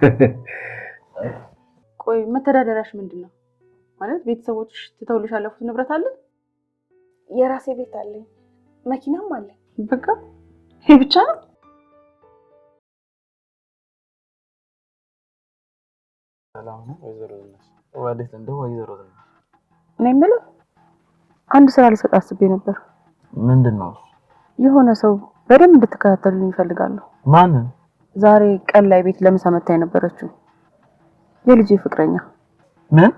ቆይ መተዳደሪያሽ ምንድን ነው? ማለት ቤተሰቦች ትተውልሽ ያለፉት ንብረት አለ? የራሴ ቤት አለኝ፣ መኪናም አለኝ። በቃ ይሄ ብቻ ነው። እኔ የምልህ አንድ ስራ ልሰጥ አስቤ ነበር። ምንድን ነው? የሆነ ሰው በደንብ እንድትከታተሉልኝ እፈልጋለሁ። ማንን? ዛሬ ቀን ላይ ቤት ለምሳ መታ የነበረችው የልጄ ፍቅረኛ። ምን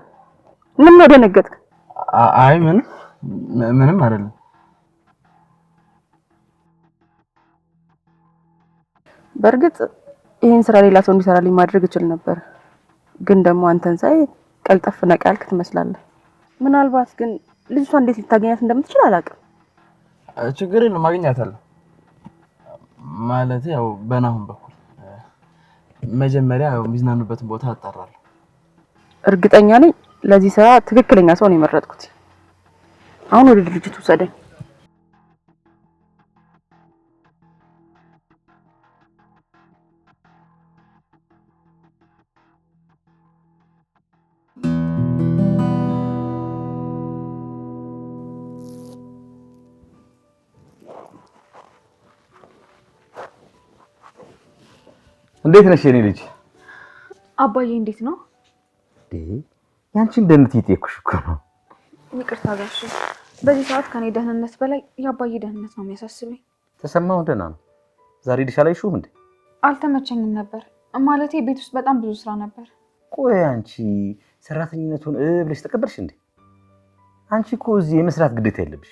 ምን ነው ደነገጥክ? አይ ምን ምንም አይደለም። በእርግጥ ይህን ስራ ሌላ ሰው እንዲሰራልኝ ማድረግ እችል ነበር፣ ግን ደግሞ አንተን ሳይ ቀልጠፍ ነቃ ያልክ ትመስላለህ። ምናልባት ግን ልጅቷ እንዴት ልታገኛት እንደምትችል አላውቅም። ችግር የለም አገኛታለሁ። ማለት ያው በናሁን በኩል መጀመሪያ የሚዝናኑበትን ቦታ አጣራለሁ። እርግጠኛ ነኝ ለዚህ ስራ ትክክለኛ ሰው ነው የመረጥኩት። አሁን ወደ ድርጅቱ ውሰደኝ። እንዴት ነሽ የኔ ልጅ? አባዬ እንዴት ነው? ያንቺን ደህንነት እየጠየኩሽ እኮ ነው። ይቅርታ ጋሽ፣ በዚህ ሰዓት ከኔ ደህንነት በላይ የአባዬ ደህንነት ነው የሚያሳስበኝ። ተሰማው ደህና ነው። ዛሬ ድሻ ላይ ሹህ እንዴ? አልተመቸኝም ነበር ማለቴ፣ ቤት ውስጥ በጣም ብዙ ስራ ነበር። ቆይ አንቺ ሰራተኝነቱን እ ብለሽ ተቀበልሽ እንዴ? አንቺ እኮ እዚህ የመስራት ግዴታ የለብሽ።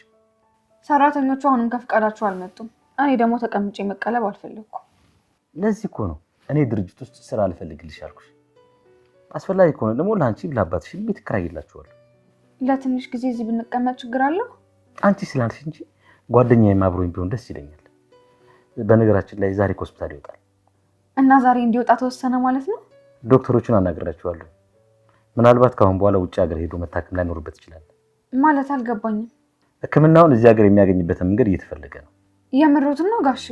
ሰራተኞቹ አሁንም ከፍቃዳቸው አልመጡም። እኔ ደግሞ ተቀምጬ መቀለብ አልፈለግኩም። ለዚህ እኮ ነው እኔ ድርጅት ውስጥ ስራ ልፈልግልሽ አልኩሽ። አስፈላጊ ከሆነ ደግሞ ለአንቺ ለአባትሽ ቤት እከራይላችኋለሁ። ለትንሽ ጊዜ እዚህ ብንቀመጥ ችግር አለው? አንቺ ስላልሽ እንጂ ጓደኛዬም አብሮኝ ቢሆን ደስ ይለኛል። በነገራችን ላይ ዛሬ ከሆስፒታል ይወጣል እና ዛሬ እንዲወጣ ተወሰነ ማለት ነው። ዶክተሮቹን አናግራችኋለሁ። ምናልባት ከአሁን በኋላ ውጭ ሀገር ሄዶ መታከም ላይኖርበት ይችላል። ማለት አልገባኝም። ሕክምናውን እዚህ ሀገር የሚያገኝበትን መንገድ እየተፈለገ ነው። የምሮትን ነው ጋሼ?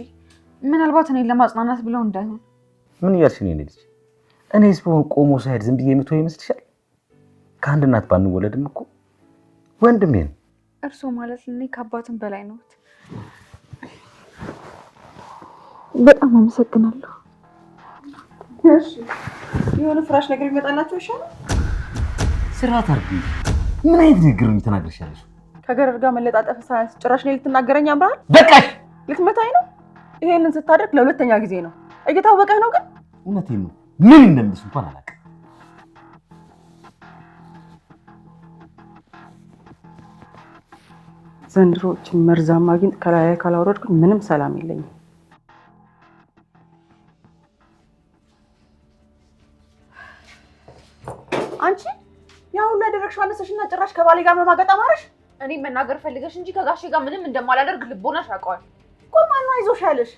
ምናልባት እኔን ለማጽናናት ብለው እንዳይሆን ምን እያልሽ ነው የኔ ልጅ? እኔ በሆን ቆሞ ሳይድ ዝም ብዬ የምትሆን ይመስልሻል? ከአንድ እናት ባንወለድም እኮ ወንድሜ ነው። እርሶ ማለት ለኔ ከአባትም በላይ ነዎት። በጣም አመሰግናለሁ። የሆነ ፍራሽ ነገር ይመጣላቸው ይሻላል። ስርዓት አድርጊ። ምን አይነት ንግግር ነው የተናገርሻለሽ? ከገረድ ጋር መለጣጠፍ ሳያንስ ጭራሽ ነው ልትናገረኝ አምራል። በቃሽ! ልትመታኝ ነው? ይሄንን ስታደርግ ለሁለተኛ ጊዜ ነው። እየታወቀህ ነው ግን እውነቴን ነው። ምን እንደምልስ እንኳን አላውቅም። ዘንድሮችን መርዛማ አግኝት ከላይ ካላወረድኩኝ ምንም ሰላም የለኝም። አንቺ ያ ሁሉ ያደረግሽው አነሰሽ ጭራሽ ከባሌ ጋር መማገጥ አማረሽ። እኔ መናገር ፈልገሽ እንጂ ከጋሼ ጋር ምንም እንደማላደርግ ልቦናሽ አውቀዋል ቆይ ማነው አይዞሽ ያለሽ?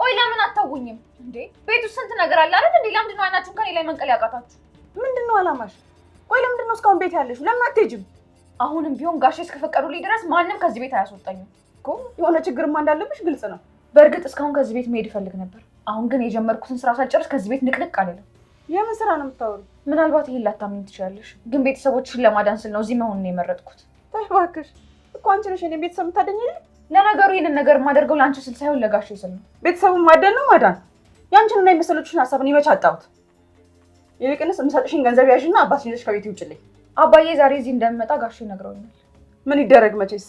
ቆይ ለምን አታውኝም እንዴ? ቤት ውስጥ ስንት ነገር አለ አይደል እንዴ? ለምንድን ነው አይናችሁን ከኔ ላይ መንቀል ያቃታችሁ? ምንድን ነው አላማሽ? ቆይ ለምንድን ነው እስካሁን ቤት ያለሽ? ለምን አትሄጂም? አሁንም ቢሆን ጋሼ እስከፈቀዱልኝ ድረስ ማንም ከዚህ ቤት አያስወጣኝም እኮ። የሆነ ችግርማ እንዳለብሽ ግልጽ ነው። በእርግጥ እስካሁን ከዚህ ቤት መሄድ እፈልግ ነበር። አሁን ግን የጀመርኩትን ስራ ሳልጨርስ ከዚህ ቤት ንቅንቅ አልልም። የምን ስራ ነው የምታወሩ? ምናልባት ይሄን ላታምኝ ትችላለሽ፣ ግን ቤተሰቦችሽን ለማዳን ስል ነው እዚህ መሆን ነው የመረጥኩት። ተይ እባክሽ እኮ አንቺ ነሽ እኔን ቤተሰብ የምታደኝልኝ ለነገሩ ይህንን ነገር የማደርገው ለአንቺ ስል ሳይሆን ለጋሽ ስል ነው። ቤተሰቡን ማደን ነው ማዳን። የአንቺን እና የመሰሎችሽን ሀሳብን ይመች አጣሁት። ይልቅንስ የምሰጥሽን ገንዘብ ያዥና አባትሽን ልጅሽ ከቤት ይውጭልኝ። አባዬ ዛሬ እዚህ እንደሚመጣ ጋሽ ነግረውኛል። ምን ይደረግ መቼስ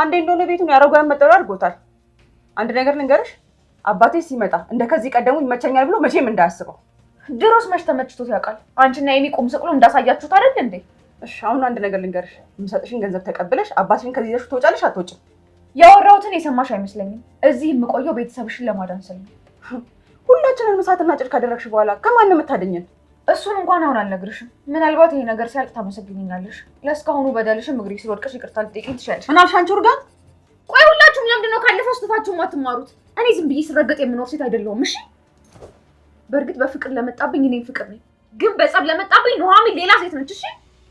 አንዴ እንደሆነ ቤቱን ያረጉ ያመጠሩ አድርጎታል። አንድ ነገር ልንገርሽ፣ አባቴ ሲመጣ እንደ ከዚህ ቀደሙ ይመቸኛል ብሎ መቼም እንዳያስበው። ድሮስ መች ተመችቶት ያውቃል? አንቺና የሚ ቁም ሰቅሎ እንዳሳያችሁት አይደል እንዴ? እሺ አሁን አንድ ነገር ልንገርሽ፣ የምሰጥሽን ገንዘብ ተቀብለሽ አባትሽን ከዚህ ይዘሽ ትወጫለሽ። አትወጭም ያወራሁትን የሰማሽ አይመስለኝም። እዚህ የምቆየው ቤተሰብሽን ለማዳን ስል ነው። ሁላችንን እሳትና ጭድ ካደረግሽ በኋላ ከማን የምታደኘን? እሱን እንኳን አሁን አልነግርሽም። ምናልባት ይሄ ነገር ሲያልቅ ታመሰግኝኛለሽ። ለእስካሁኑ በደልሽም እግሬ ስር ወድቀሽ ይቅርታ ልትጠይቂኝ ትችያለሽ። ምን አንቺ እርጋት? ቆይ ሁላችሁም ለምንድን ነው ካለፈው ስህተታችሁ የማትማሩት? እኔ ዝም ብዬ ስረገጥ የምኖር ሴት አይደለሁም። እሺ፣ በእርግጥ በፍቅር ለመጣብኝ እኔም ፍቅር ነኝ፣ ግን በጸብ ለመጣብኝ ኑሐሚን ሌላ ሴት ነች። እሺ፣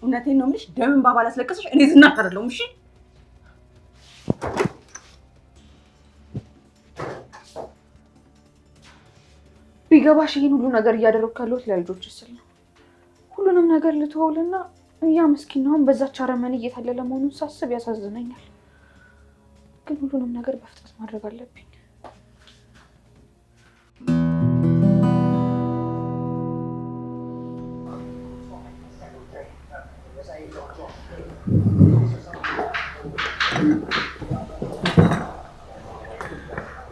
እውነቴን ነው የምልሽ። ደምን ባባ ላስለቀስሽ እኔ ዝናት አይደለሁም። እሺ ቢገባሽ ይህን ሁሉ ነገር እያደረግኩ ያለሁት ለልጆች ስል ነው። ሁሉንም ነገር ልትውልና እያ ምስኪናውን በዛች አረመኔ እየታለለ መሆኑን ሳስብ ያሳዝነኛል። ግን ሁሉንም ነገር በፍጥነት ማድረግ አለብኝ።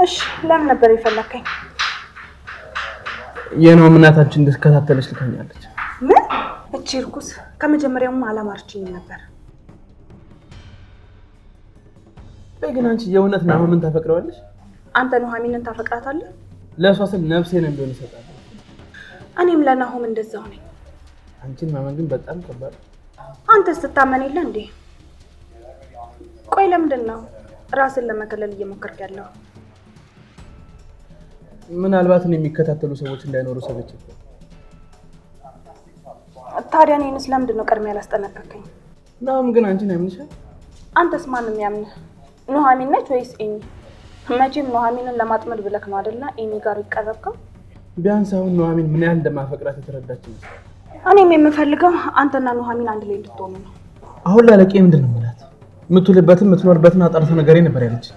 እሺ፣ ለምን ነበር የፈለከኝ? የነው እናታችን እንድትከታተለች ልካኛለች። ምን እቺ እርኩስ ከመጀመሪያውም አላማርችኝ ነበር። ቆይ ግን አንቺ የእውነት ናሆምን ታፈቅረዋለች? አንተ ኑሐሚንን ታፈቅራታለህ? ለእሷ ስል ነፍሴን ቢሆን ይሰጣል። እኔም ለናሆም እንደዛው ነኝ። አንቺን ማመን ግን በጣም ከባድ። አንተ ስታመን የለ እንዴ? ቆይ ለምንድን ነው ራስን ለመከለል እየሞከርክ ያለው? ምናልባት ነው የሚከታተሉ ሰዎች እንዳይኖሩ ሰዎች። ታዲያ እኔን ስለምንድን ነው ቀድሜ ያላስጠነቀቀኝ? ናም ግን አንቺን ያምንሻል። አንተስ ማን የሚያምንህ? ኑሐሚን ነች ወይስ ኤሚ? መቼም ኑሐሚንን ለማጥመድ ብለክ ነው አደላ ኤሚ ጋር ይቀረብከው። ቢያንስ አሁን ኑሐሚን ምን ያህል እንደማፈቅራት የተረዳች ይመስላል። እኔም የምፈልገው አንተና ኑሐሚን አንድ ላይ እንድትሆኑ ነው። አሁን ላለቄ ምንድን ነው ምላት የምትውልበትን የምትኖርበትን አጣርተው ነገሬ ነበር ያለች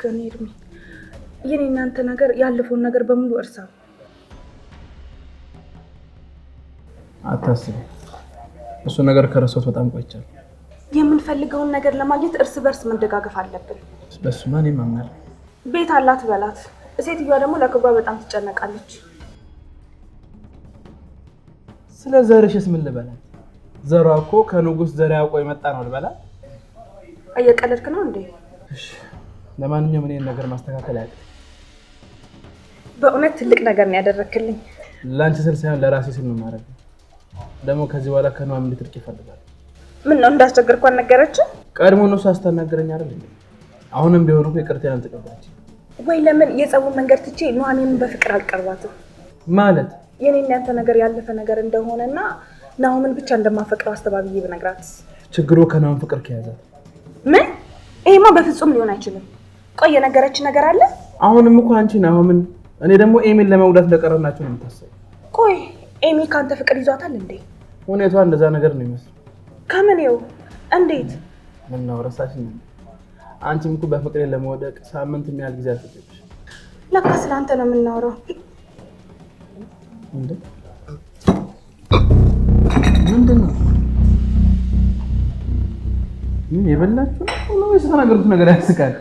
እባክህን እድሜ፣ የኔ እናንተ ነገር ያለፈውን ነገር በሙሉ እርሳ። አታስቢ፣ እሱ ነገር ከረሳሁት በጣም ቆይቻለሁ። የምንፈልገውን ነገር ለማግኘት እርስ በርስ መደጋገፍ አለብን። በሱ እኔም አምናለሁ። ቤት አላት በላት። ሴትዮዋ ደግሞ ለክብሯ በጣም ትጨነቃለች። ስለ ዘርሽስ ምን ልበላት? ዘሯ እኮ ከንጉስ ዘር ያውቆ የመጣ ነው ልበላት? እየቀለድክ ነው እንዴ? ለማንኛውም እኔን ነገር ማስተካከል ያለ በእውነት ትልቅ ነገር ነው ያደረክልኝ። ለአንቺ ስል ሳይሆን ለራሴ ስል ነው ማድረግ። ደግሞ ከዚህ በኋላ ከነዋም እንድትርቅ ይፈልጋል። ምን ነው እንዳስቸገርኳት ነገረች። ቀድሞ እነሱ አስተናገረኝ አይደል? አሁንም ቢሆኑ እኮ ይቅርታዬን አልተቀበለችም ወይ? ለምን የጸቡን መንገድ ትቼ ኑሐሚንን በፍቅር አልቀርባትም ማለት የኔን ያንተ ነገር ያለፈ ነገር እንደሆነና ናሁምን ብቻ እንደማፈቅረው አስተባብዬ ብነግራት ችግሩ ከናሁም ፍቅር ከያዛት ምን? ይሄማ በፍጹም ሊሆን አይችልም። ቆይ የነገረችን ነገር አለ። አሁንም እኮ አንቺ ነው አሁን እኔ ደግሞ ኤሚን ለመጉዳት እንደቀረብናቸው ነው የምታስበው። ቆይ ኤሚ ከአንተ ፍቅር ይዟታል እንዴ? ሁኔቷ እንደዛ ነገር ነው ይመስል። ከምን ይኸው እንዴት? ምን ምነው ረሳሽኝ? አንቺም እኮ በፍቅሬ ለመውደቅ ሳምንት የሚያህል ጊዜ አልፈጀብሽ። ለካ ስለ አንተ ነው የምናወራው። ምንድን ነው ምን የበላችሁ? ተናገሩት ነገር ያስቃል።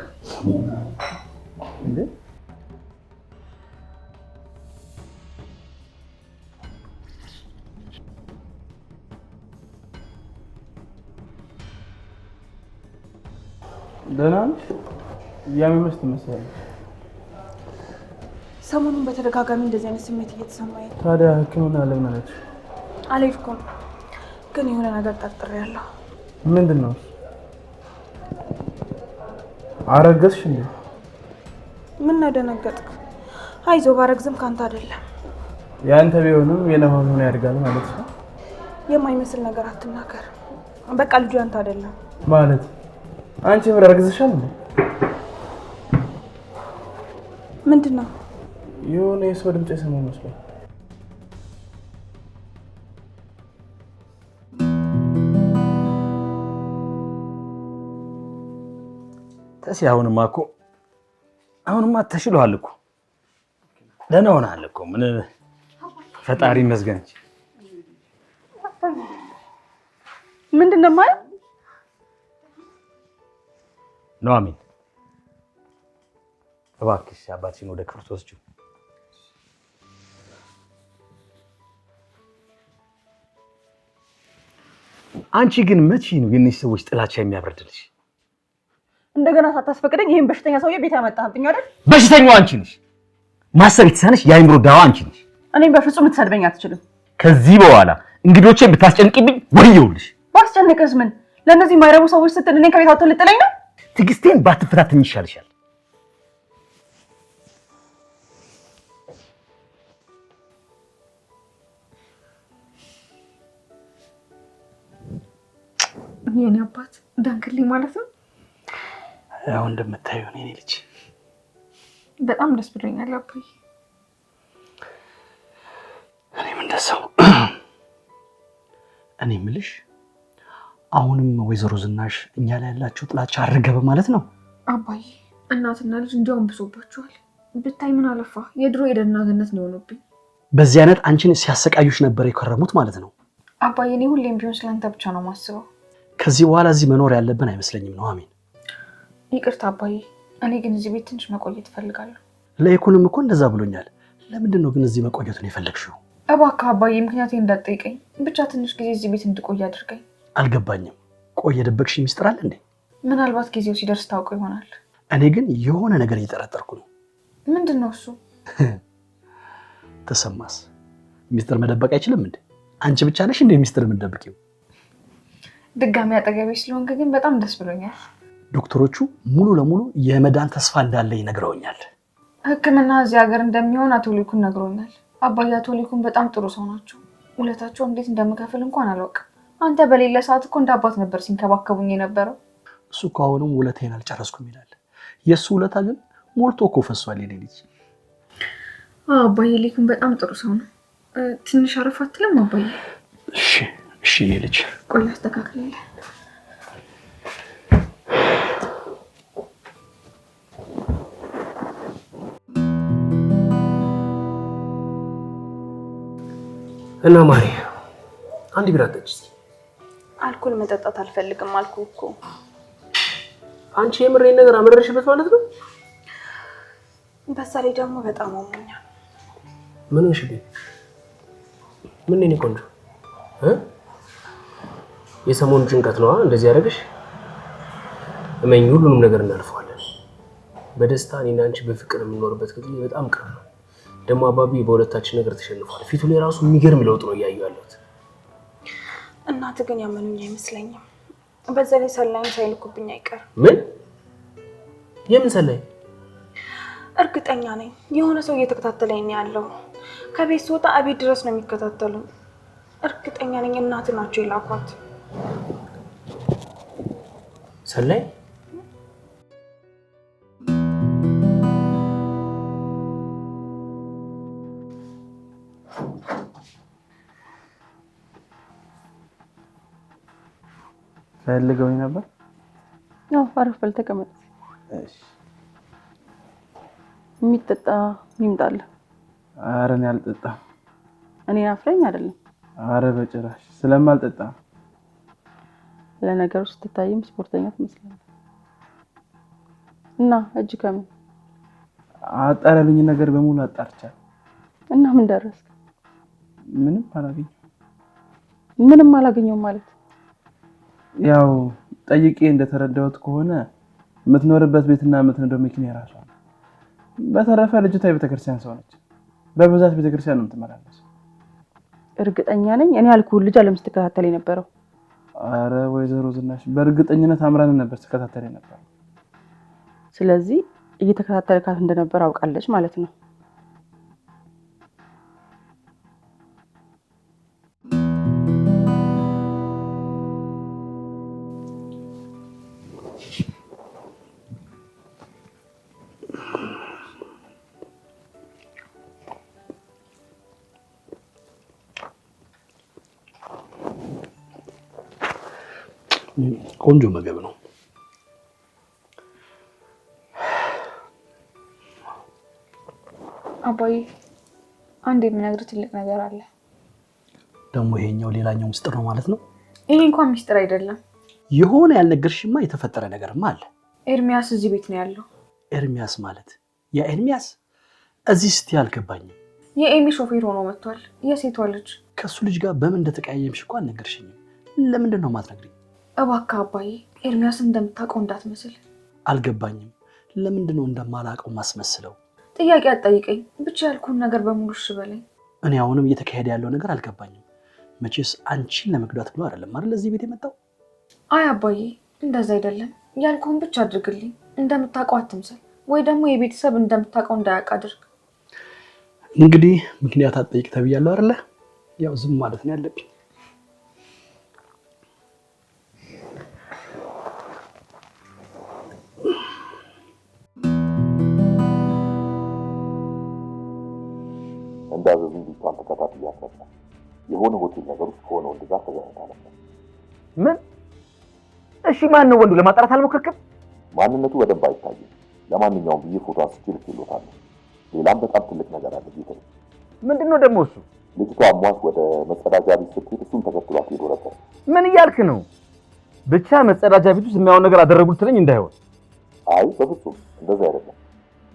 ደህና ነሽ? ሰሞኑን በተደጋጋሚ እንደዚህ አይነት ስሜት እየተሰማኝ ታዲያ ሕክምና ለምን አለች? አልሄድኩም፣ ግን የሆነ ነገር ጠርጥሬያለሁ። ምንድን ነው? አረገዝሽ እንዴ? ምን ነው ደነገጥክ? አይዞ ባረግዝም ካንተ አይደለም። ያንተ ቢሆንም የነሆን ሆኖ ያድጋል ማለት ነው። የማይመስል ነገር አትናገር። በቃ ልጁ ያንተ አይደለም ማለት አንቺ ምን አረግዝሻል እንዴ? ምንድን ነው የሆነ የሰው ድምጽ የሰማሁ መስሎኝ ተሲ አሁንማ እኮ አሁንማ ተሽሎሃል እኮ ደህና ሆነሃል እኮ ምን ፈጣሪ ይመስገን እንጂ ምንድን ነው የማየው ኑሐሚን እባክሽ አባትሽን ወደ ክፍል ትወስጂው አንቺ ግን መቼ ነው የእነዚህ ሰዎች ጥላቻ የሚያብረድልሽ እንደገና ሳታስፈቅደኝ ይህን በሽተኛ ሰውዬ ቤት ያመጣህብኝ አይደል? በሽተኛው አንቺ ነሽ። ማሰብ የተሳነሽ የአይምሮ ዳዋ አንቺ ነሽ። እኔም በፍጹም ልትሰድበኝ አትችልም። ከዚህ በኋላ እንግዶቼን ብታስጨንቅብኝ ወየውልሽ። ባስጨንቅስ ምን? ለእነዚህ የማይረቡ ሰዎች ስትል እኔን ከቤት አውጥቶ ልጥለኝ ነው? ትዕግስቴን ባትፈታተኝ ይሻልሻል። የኔ አባት ዳንክልኝ ማለት ነው። አሁን እንደምታየው ኔ ልጅ በጣም ደስ ብሎኛል አባዬ። እኔም እንደሰው እኔ ምልሽ አሁንም ወይዘሮ ዝናሽ እኛ ላይ ያላቸው ጥላቻ አረገበ ማለት ነው አባዬ። እናትና ልጅ እንዲያውም ብሶባችኋል። ብታይ ምን አለፋ የድሮ የደናገነት ነው የሆኑብኝ። በዚህ አይነት አንቺን ሲያሰቃዩሽ ነበር የከረሙት ማለት ነው አባዬ። እኔ ሁሌም ቢሆን ስለአንተ ብቻ ነው ማስበው። ከዚህ በኋላ እዚህ መኖር ያለብን አይመስለኝም ነው አሜን ይቅርታ አባዬ፣ እኔ ግን እዚህ ቤት ትንሽ መቆየት እፈልጋለሁ። ለኢኮኖሚ እኮ እንደዛ ብሎኛል። ለምንድን ነው ግን እዚህ መቆየቱን የፈለግሽው? እባክህ አባዬ፣ ምክንያት እንዳትጠይቀኝ ብቻ ትንሽ ጊዜ እዚህ ቤት እንድቆይ አድርገኝ። አልገባኝም። ቆይ የደበቅሽ ሚስጥር አለ እንዴ? ምናልባት ጊዜው ሲደርስ ታውቀው ይሆናል። እኔ ግን የሆነ ነገር እየጠረጠርኩ ነው። ምንድን ነው እሱ? ተሰማስ ሚስጥር መደበቅ አይችልም እንዴ? አንቺ ብቻ ነሽ እንደ ሚስጥር የምትደብቂው? ድጋሚ አጠገቤ ስለሆንክ ግን በጣም ደስ ብሎኛል። ዶክተሮቹ ሙሉ ለሙሉ የመዳን ተስፋ እንዳለ ይነግረውኛል። ሕክምና እዚህ ሀገር እንደሚሆን አቶ ሊኩን ነግሮኛል። አባዬ አቶ ሊኩን በጣም ጥሩ ሰው ናቸው። ውለታቸው እንዴት እንደምከፍል እንኳን አላውቅም። አንተ በሌለ ሰዓት እኮ እንደ አባት ነበር ሲንከባከቡኝ የነበረው። እሱ እኮ አሁንም ውለታዬን አልጨረስኩም ይላል። የእሱ ውለታ ግን ሞልቶ እኮ ፈሷል። የኔ ልጅ አባዬ ሊኩን በጣም ጥሩ ሰው ነው። ትንሽ አረፍ አትልም አባዬ? እሺ እሺ፣ ልጅ ቆይ አስተካክላለሁ እና ማሪ አንድ ቢራ ጠጪ። አልኮል መጠጣት አልፈልግም አልኩ እኮ። አንቺ የምሬን ነገር አመረርሽበት ማለት ነው። በዛ ላይ ደግሞ በጣም አሞኛል። ምን እሺ፣ ምን ነኝ ቆንጆ እ የሰሞኑ ጭንቀት ነዋ እንደዚህ ያደረግሽ። እመኝ ሁሉንም ነገር እናልፈዋለን። በደስታ እኔና አንቺ በፍቅር የምንኖርበት ጊዜ በጣም ቅርብ ነው። ደግሞ አባቢ በሁለታችን ነገር ተሸንፏል። ፊቱ ላይ ራሱ የሚገርም ለውጥ ነው እያዩ ያለት። እናት ግን ያመኑኝ አይመስለኝም። በዛ ላይ ሰላይም ሳይልኩብኝ አይቀር። ምን የምን ሰላይ? እርግጠኛ ነኝ የሆነ ሰው እየተከታተለኝ ነው ያለው። ከቤት ስወጣ አቤት ድረስ ነው የሚከታተሉኝ። እርግጠኛ ነኝ እናት ናቸው የላኳት ሰላይ ፈልገውኝ ነበር። ያው አረፍ በል ተቀመጥ። እሺ የሚጠጣ ይምጣልህ። አረን እኔ አልጠጣም። እኔ አፍረኝ አይደለም። አረ በጭራሽ ስለማልጠጣ። ለነገሩ ስትታይም ስፖርተኛ ትመስላለህ። እና እጅ ከምን አጣራልኝ ነገር በሙሉ አጣርቻለሁ። እና ምን ደረስክ? ምንም አላገኘሁም። ምንም አላገኘሁም ማለት ያው ጠይቄ እንደተረዳሁት ከሆነ የምትኖርበት ቤትና የምትነዳው መኪና የራሷ ነው። በተረፈ ልጅቷ የቤተክርስቲያን ሰው ነች። በብዛት ቤተክርስቲያን ነው የምትመላለስ። እርግጠኛ ነኝ እኔ ያልኩህን ልጅ አለም ስትከታተል የነበረው። አረ ወይዘሮ ዝናሽ በእርግጠኝነት አምራን ነበር ስትከታተል የነበረው። ስለዚህ እየተከታተልካት እንደነበር አውቃለች ማለት ነው። ቆንጆ ምግብ ነው። አባዬ አንድ የምነግርህ ትልቅ ነገር አለ። ደግሞ ይሄኛው ሌላኛው ምስጢር ነው ማለት ነው? ይሄ እንኳን ምስጢር አይደለም። የሆነ ያልነገርሽማ የተፈጠረ ነገርማ አለ። ኤርሚያስ እዚህ ቤት ነው ያለው። ኤርሚያስ ማለት ያ ኤርሚያስ እዚህ ስትይ አልገባኝም። የኤሚ ሾፌር ሆኖ መጥቷል። የሴቷ ልጅ ከእሱ ልጅ ጋር በምን እንደተቀያየምሽ እኮ አልነገርሽኝም። ለምንድን ነው የማትነግሪኝ? እባክህ አባዬ ኤርሚያስን እንደምታውቀው እንዳትመስል። አልገባኝም። ለምንድን ነው እንደማላውቀው ማስመስለው? ጥያቄ አትጠይቀኝ። ብቻ ያልኩህን ነገር በሙሉ እሺ በለኝ። እኔ አሁንም እየተካሄደ ያለው ነገር አልገባኝም። መቼስ አንቺን ለመግዳት ብሎ አይደለም አይደል እዚህ ቤት የመጣው? አይ አባዬ እንደዛ አይደለም። ያልኩህን ብቻ አድርግልኝ። እንደምታውቀው አትምሰል፣ ወይ ደግሞ የቤተሰብ እንደምታውቀው እንዳያውቅ አድርግ። እንግዲህ ምክንያት አትጠይቅ ተብያለሁ አይደለ? ያው ዝም ማለት ነው ያለብኝ። እንዳዘዙኝ ልጅቷን ተከታትያት ነበር። የሆነ ሆቴል ነገር ውስጥ ከሆነ ወንድ ጋር ተገናኝታ ነበር። ምን? እሺ፣ ማን ነው ወንዱ? ለማጣራት አልሞከርክም? ማንነቱ በደንብ አይታየም። ለማንኛውም ብዬ ፎቶ አንስቼ ልኬልዎታለሁ። ሌላም በጣም ትልቅ ነገር አለ ጌታ። ምንድን ነው ደግሞ እሱ? ልጅቷ አሟት ወደ መጸዳጃ ቤት ስትሄድ እሱም ተከትሏት ሄዶ ነበር። ምን እያልክ ነው? ብቻ መጸዳጃ ቤት ውስጥ የሚያውን ነገር አደረጉት ትለኝ እንዳይሆን። አይ በፍጹም እንደዛ አይደለም።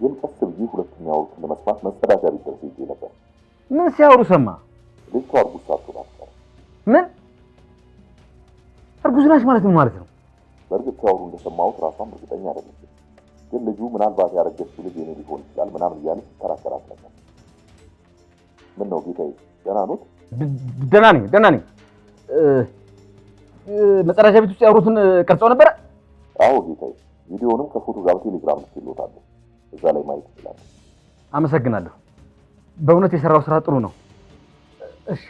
ግን ቀስ ብዬ ሁለቱም ያወሩትን ለመስማት መጸዳጃ ቤት ደርሼ ነበር። ምን ሲያወሩ ሰማ? ልጅቷ እርጉዝ ሳትሆን ምን እርጉዝ ናች ማለት ምን ማለት ነው? በእርግጥ ሲያወሩ እንደሰማሁት ራሷም እርግጠኛ አይደለችም፣ ግን ልጁ ምናልባት ያረገችው ልጅ የኔ ሊሆን ይችላል ምናምን እያለች ትከራከራት ነበር። ምን ነው ጌታዬ፣ ደህና ኖት? ደህና ነኝ፣ ደህና ነኝ። መጸዳጃ ቤት ውስጥ ያወሩትን ቀርጸው ነበረ? አዎ ጌታዬ፣ ቪዲዮንም ከፎቶ ጋር ቴሌግራም ልኬልዎታለሁ። እዛ ላይ ማየት ይችላል። አመሰግናለሁ። በእውነት የሰራው ስራ ጥሩ ነው። እሺ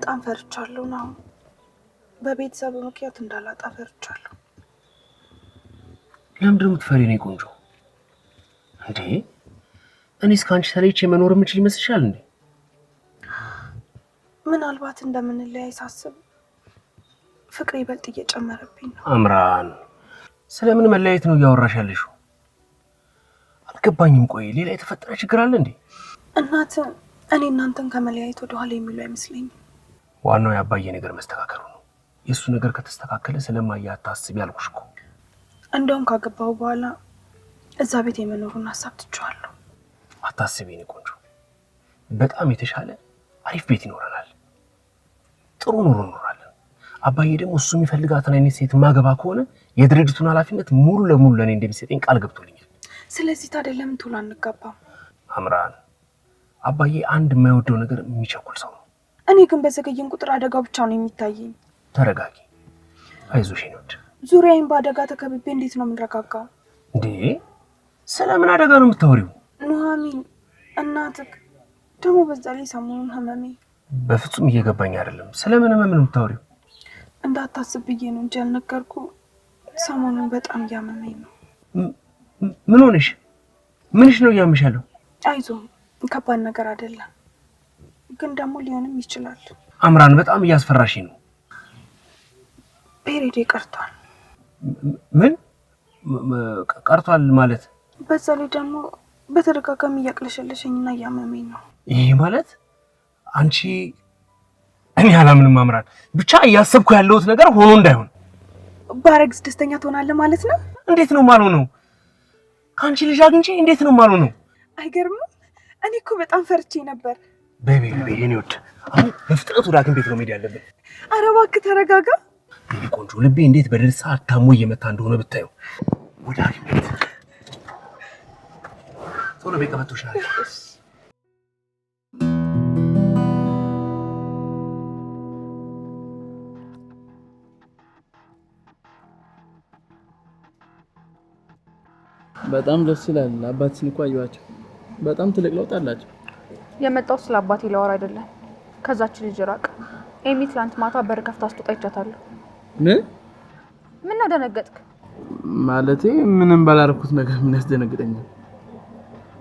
በጣም ፈርቻለሁ ነው። በቤተሰብ ምክንያት እንዳላጣ ፈርቻለሁ። ለምንድን ነው የምትፈሪ? ነው ቆንጆ እንዴ እኔ እስከ አንቺ ተለይቼ መኖር የምችል ይመስልሻል እንዴ? ምናልባት እንደምንለያይ ሳስብ ፍቅር ይበልጥ እየጨመረብኝ ነው። አምራን ስለምን መለያየት ነው እያወራሽ ያለሽው? አልገባኝም። ቆይ ሌላ የተፈጠረ ችግር አለ እንዴ? እናት እኔ እናንተን ከመለያየት ወደኋላ የሚሉ አይመስለኝም። ዋናው የአባዬ ነገር መስተካከሉ ነው። የእሱ ነገር ከተስተካከለ ስለማየ አታስቢ አልኩሽ እኮ። እንደውም ካገባው በኋላ እዛ ቤት የመኖሩን ሀሳብ ትችዋለሁ። አታስቢ የኔ ቆንጆ፣ በጣም የተሻለ አሪፍ ቤት ይኖረናል። ጥሩ ኑሮ እኖራለን። አባዬ ደግሞ እሱ የሚፈልጋትን አይነት ሴት ማገባ ከሆነ የድርጅቱን ኃላፊነት ሙሉ ለሙሉ ለእኔ እንደሚሰጠኝ ቃል ገብቶልኛል። ስለዚህ ታዲያ ለምን ቶሎ አንጋባም? አምራን፣ አባዬ አንድ የማይወደው ነገር የሚቸኩል ሰው ነው። እኔ ግን በዘገየን ቁጥር አደጋ ብቻ ነው የሚታየኝ። ተረጋጊ፣ አይዞሽ ሄኖድ። ዙሪያዬን በአደጋ ተከብቤ እንዴት ነው የምንረጋጋው? እንዴ ስለምን አደጋ ነው የምታወሪው? ኑሐሚን እናትህ ደግሞ በዛ ላይ ሰሞኑን ህመሜ። በፍጹም እየገባኝ አይደለም። ስለምን ህመም ነው የምታወሪው? እንዳታስብ ብዬ ነው እንጂ ያልነገርኩ። ሰሞኑን በጣም እያመመኝ ነው። ምን ሆነሽ? ምንሽ ነው እያመሻለሁ? አይዞ ከባድ ነገር አይደለም። ግን ደግሞ ሊሆንም ይችላል። አምራን በጣም እያስፈራሽ ነው። ፔሬዴ ቀርቷል። ምን ቀርቷል ማለት? በዛ ላይ ደግሞ በተደጋጋሚ እያቅለሸለሸኝ እና እያመመኝ ነው። ይሄ ማለት አንቺ እኔ አላምንም አምራን። ብቻ እያሰብኩ ያለሁት ነገር ሆኖ እንዳይሆን ባረግዝ ደስተኛ ትሆናለህ ማለት ነው? እንዴት ነው ማሉ ነው? ከአንቺ ልጅ አግኝቼ እንዴት ነው ማሉ ነው? አይገርምም? እኔ እኮ በጣም ፈርቼ ነበር። በይ የኔ አሁን በፍጥነት ወደ ሐኪም ቤት ነው መሄድ ያለብን። ኧረ እባክህ ተረጋጋ። የኔ ቆንጆ ልቤ እንዴት በደርሳ አታሞ እየመታ እንደሆነ ብታዩ። ወደ ሐኪም ቤት ቶሎ በጣም ደስ ይላል። አባትሽን እኮ አየኋቸው። በጣም ትልቅ ለውጥ አላቸው። የመጣው ስለ አባቴ ላወራ አይደለም። ከዛች ልጅ ራቅ። ኤሚ ትላንት ማታ በር ከፍታ አስጡጣ ይቻታለሁ። ምን ምን አደነገጥክ? ማለቴ ምንም ባላረኩት ነገር ምን ያስደነግጠኛል?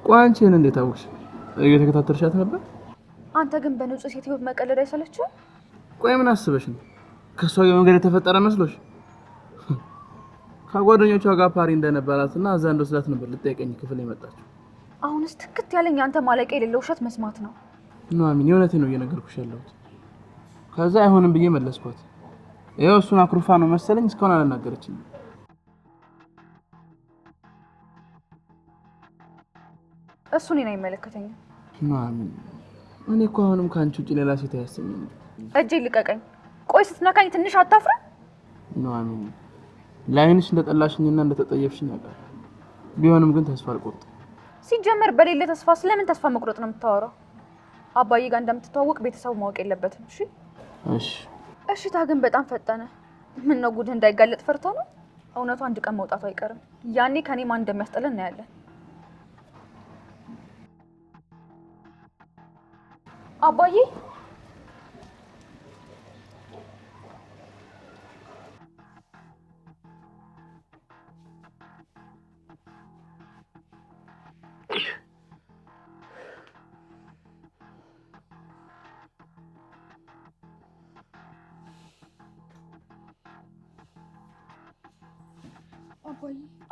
ቆይ እንዴት አወቅሽ? እየተከታተልሻት ነበር? አንተ ግን በንጹህ ሴት ህይወት መቀለድ አይሰለችም? ቆይ ምን አስበሽ ነው? ከእሷ የመንገድ የተፈጠረ መስሎሽ? ከጓደኞቿ ጋር ፓሪ እንደነበራትና እዛ እንደወስዳት ነበር ልጠይቀኝ ክፍል የመጣችው አሁንስ ትክት ያለኝ አንተ ማለቂያ የሌለው ውሸት መስማት ነው። ኑሐሚን የእውነቴን ነው እየነገርኩሽ ያለሁት። ከዛ አይሆንም ብዬ መለስኳት። ይኸው እሱን አኩርፋ ነው መሰለኝ እስካሁን አላናገረችኝም። እሱ እኔን አይመለከተኝም። ኑሐሚን እኔ እኮ አሁንም ከአንቺ ውጭ ሌላ ሴት አያሰኝም። እጄ ልቀቀኝ። ቆይ ስትነካኝ ትንሽ አታፍርም? ኑሐሚን ለአይንሽ እንደጠላሽኝና እንደተጠየፍሽኝ ያውቃል። ቢሆንም ግን ተስፋ አልቆርጥም። ሲጀመር በሌለ ተስፋ ስለምን ተስፋ መቁረጥ ነው የምታወራው? አባዬ ጋር እንደምትተዋወቅ ቤተሰቡ ማወቅ የለበትም። እሺ እሺ። እሽታ ግን በጣም ፈጠነ። ምን ነው ጉድ እንዳይጋለጥ ፈርታ ነው። እውነቱ አንድ ቀን መውጣቱ አይቀርም። ያኔ ከኔ ማን እንደሚያስጠለን እናያለን። አባዬ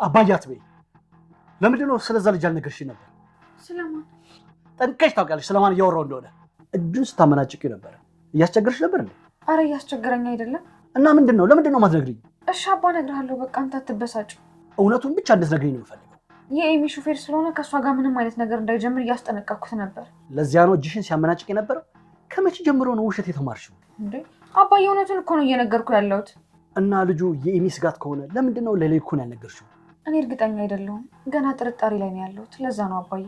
አባዬ አትበይ። ለምንድን ነው ስለዛ ልጅ አልነገርሽኝ ነበር? ስለማን ጠንቀሽ ታውቂያለሽ? ስለማን እያወራው እንደሆነ እጁን ስታመናጭቂ ነበረ። እያስቸገርሽ ነበር እንዴ? አረ እያስቸገረኝ አይደለም። እና ምንድን ነው ለምንድን ነው ማትነግሪኝ? እሺ አባ እነግርሃለሁ። በቃ አንተ አትበሳጭ። እውነቱን ብቻ እንድትነግሪኝ ነው የምፈልገው። የኤሚ ሹፌር ስለሆነ ከእሷ ጋር ምንም አይነት ነገር እንዳይጀምር እያስጠነቀኩት ነበር። ለዚያ ነው እጅሽን ሲያመናጭቅ የነበረው። ከመቼ ጀምሮ ነው ውሸት የተማርሽው? እንዴ አባዬ እውነቱን እኮ ነው እየነገርኩ ያለሁት። እና ልጁ የኢሚ ስጋት ከሆነ ለምንድን ነው ለሌኩን ያልነገርሽው? እኔ እርግጠኛ አይደለሁም። ገና ጥርጣሬ ላይ ነው ያለሁት። ለዛ ነው አባዬ።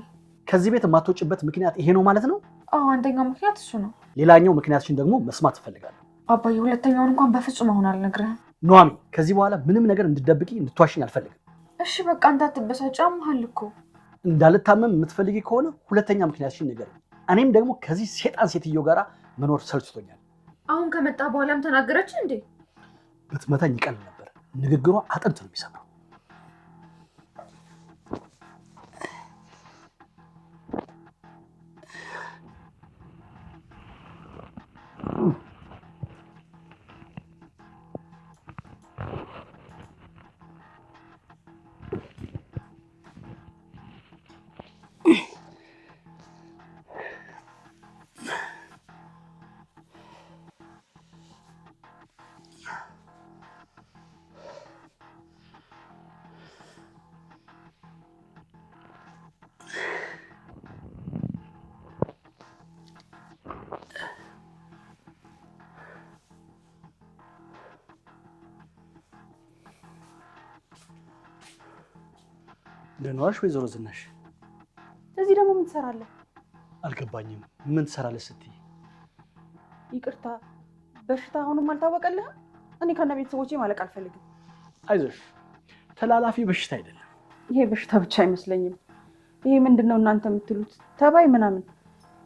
ከዚህ ቤት የማትወጭበት ምክንያት ይሄ ነው ማለት ነው? አዎ፣ አንደኛው ምክንያት እሱ ነው። ሌላኛው ምክንያትሽን ደግሞ መስማት እፈልጋለሁ አባዬ። ሁለተኛውን እንኳን በፍጹም አሁን አልነግርህም። ኗሚ፣ ከዚህ በኋላ ምንም ነገር እንድደብቂ እንድትዋሽኝ አልፈልግም። እሺ በቃ እንዳትበሳጭ። አምሃል እኮ እንዳልታመም የምትፈልጊ ከሆነ ሁለተኛ ምክንያትሽን ነገር። እኔም ደግሞ ከዚህ ሴጣን ሴትዮ ጋር መኖር ሰልችቶኛል። አሁን ከመጣ በኋላም ተናገረች እንዴ? ብትመታኝ ይቀል ነበር። ንግግሯ አጥንት ነው የሚሰማው። ደህና ዋልሽ ወይዘሮ ዝናሽ። እዚህ ደግሞ ምን ትሰራለህ? አልገባኝም። ምን ትሰራለህ ስትይ? ይቅርታ በሽታ አሁንም አልታወቀልህም? እኔ ከነ ቤተሰቦቼ ማለቅ አልፈልግም። አይዞሽ፣ ተላላፊ በሽታ አይደለም ይሄ። በሽታ ብቻ አይመስለኝም። ይሄ ምንድን ነው እናንተ የምትሉት ተባይ ምናምን?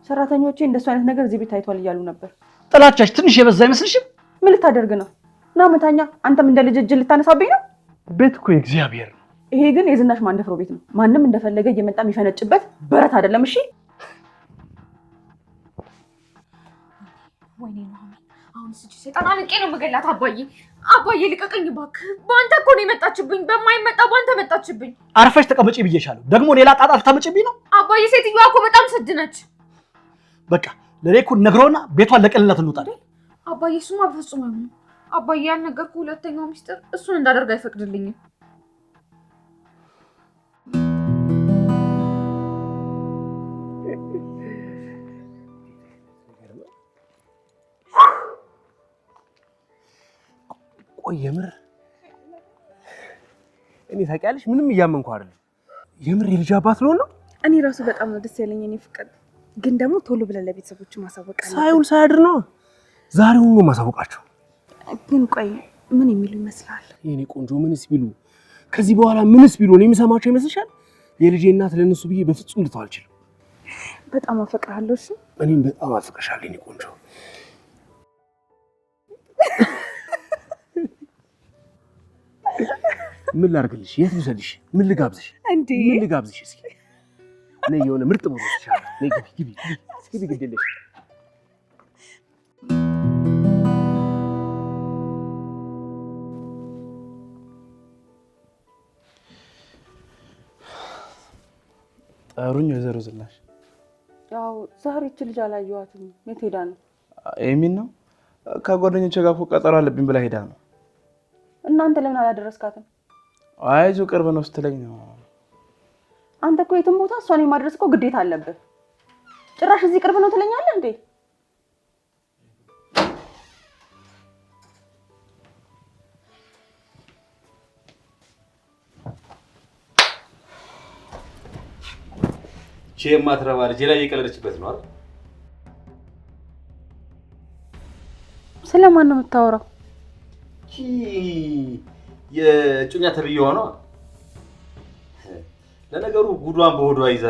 ሰራተኞቼ እንደሱ አይነት ነገር እዚህ ቤት አይቷል እያሉ ነበር። ጥላቻች ትንሽ የበዛ አይመስልሽም? ምን ልታደርግ ነው? ናምታኛ አንተም እንደ ልጅ እጅ ልታነሳብኝ ነው? ቤት እኮ የእግዚአብሔር ነው። ይሄ ግን የዝናሽ ማንደፍሮ ቤት ነው። ማንም እንደፈለገ እየመጣ የሚፈነጭበት በረት አይደለም። እሺ ወይኔ ሰይጣን አንቄ ነው የምገላት። አባዬ አባዬ ልቀቀኝ እባክህ። በአንተ እኮ ነው የመጣችብኝ፣ በማይመጣ በአንተ መጣችብኝ። አርፈሽ ተቀመጪ ብዬሻለሁ። ደግሞ ሌላ ጣጣ ታመጭብኝ ነው አባዬ። ሴትዮዋ እኮ በጣም ስድ ነች። በቃ ለእኔ እኮ ነግረውና ቤቷን ለቀልላት እንውጣለን። አባዬ እሱማ በፍጹም አይሆንም። አባዬ ያልነገርኩህ ሁለተኛው ሚስጥር እሱን እንዳደርግ አይፈቅድልኝም። ቆይ የምር እኔ ታውቂያለሽ፣ ምንም እያመንኩ አይደለም። የምር የልጅ አባት ልሆን ነው። እኔ ራሱ በጣም ነው ደስ ያለኝ። እኔ ፍቅር ግን ደግሞ ቶሎ ብለን ለቤተሰቦች ማሳወቅ ሳይውል ሳያድር ነው ዛሬ ሁሉ ማሳወቃቸው። ግን ቆይ ምን የሚሉ ይመስላል? የኔ ቆንጆ ምንስ ቢሉ፣ ከዚህ በኋላ ምንስ ቢሉ እኔ የምሰማቸው ይመስልሻል? የልጄ እናት ለነሱ ብዬ በፍጹም ልተው አልችልም። በጣም አፈቅርሃለሁ። እሺ እኔም በጣም አፈቅርሻለሁ የኔ ቆንጆ ምን ላድርግልሽ? የት ልውሰድሽ? ምን ልጋብዝሽ? እንዴ ምን ልጋብዝሽ? እስኪ ነይ፣ የሆነ ምርጥ ቦታ ይሻላል። ነይ፣ ግቢ፣ ግቢ፣ ግቢ፣ ግድ የለሽ ጠሩኝ ወይዘሮ ዝናሽ። ያው ዛሬ ይህች ልጅ አላየኋትም። የት ሄዳ ነው? ኤሚን ነው ከጓደኞቼ ጋር ፎቅ ቀጠሮ አለብኝ ብላ ሄዳ ነው እናንተ ለምን አላደረስካትም? አይዞ ቅርብ ነው ስትለኝ ነው። አንተ እኮ የትም ቦታ እሷን የማድረስ እኮ ግዴታ አለብህ። ጭራሽ እዚህ ቅርብ ነው ትለኛለህ እንዴ? ቼ የማትረባ ልጄ ላይ እየቀለደችበት ነው አይደል? ስለማን ነው የምታወራው? ይቺ የእጮኛ ተብዬ ሆነ ለነገሩ ጉዷን በሆዷ ይዛ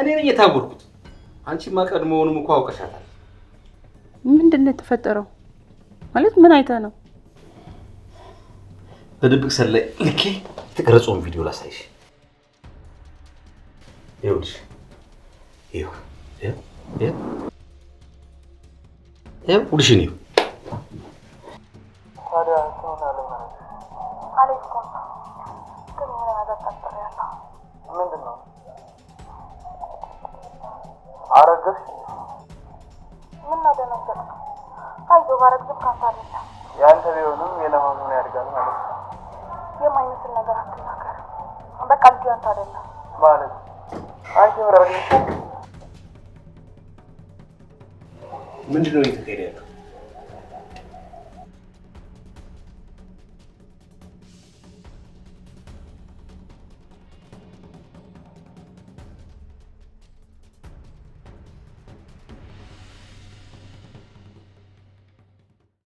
እኔ ነኝ የታወርኩት። አንቺማ ቀድሞውንም እኮ አውቀሻታል። ምንድን ነው የተፈጠረው? ማለት ምን አይተህ ነው? በድብቅ ሰላይ ልኬ የተቀረጸውን ቪዲዮ ላሳይሽ። ይኸውልሽ፣ ይኸው ይኸው ይኸው ሁልሽን ይኸው አረገዝሽ? ምን አደነገጥ? አይዞህ ባረግዝም ካንተ የአንተ ቢሆንም የለማም ሆነ ያድጋል ማለት ነው። የማይመስል ነገር አትናገር። በቃ ልጁ ያንተ አይደለም ማለት አንቺ ምረግ ምንድነው እየተካሄደ ያለው?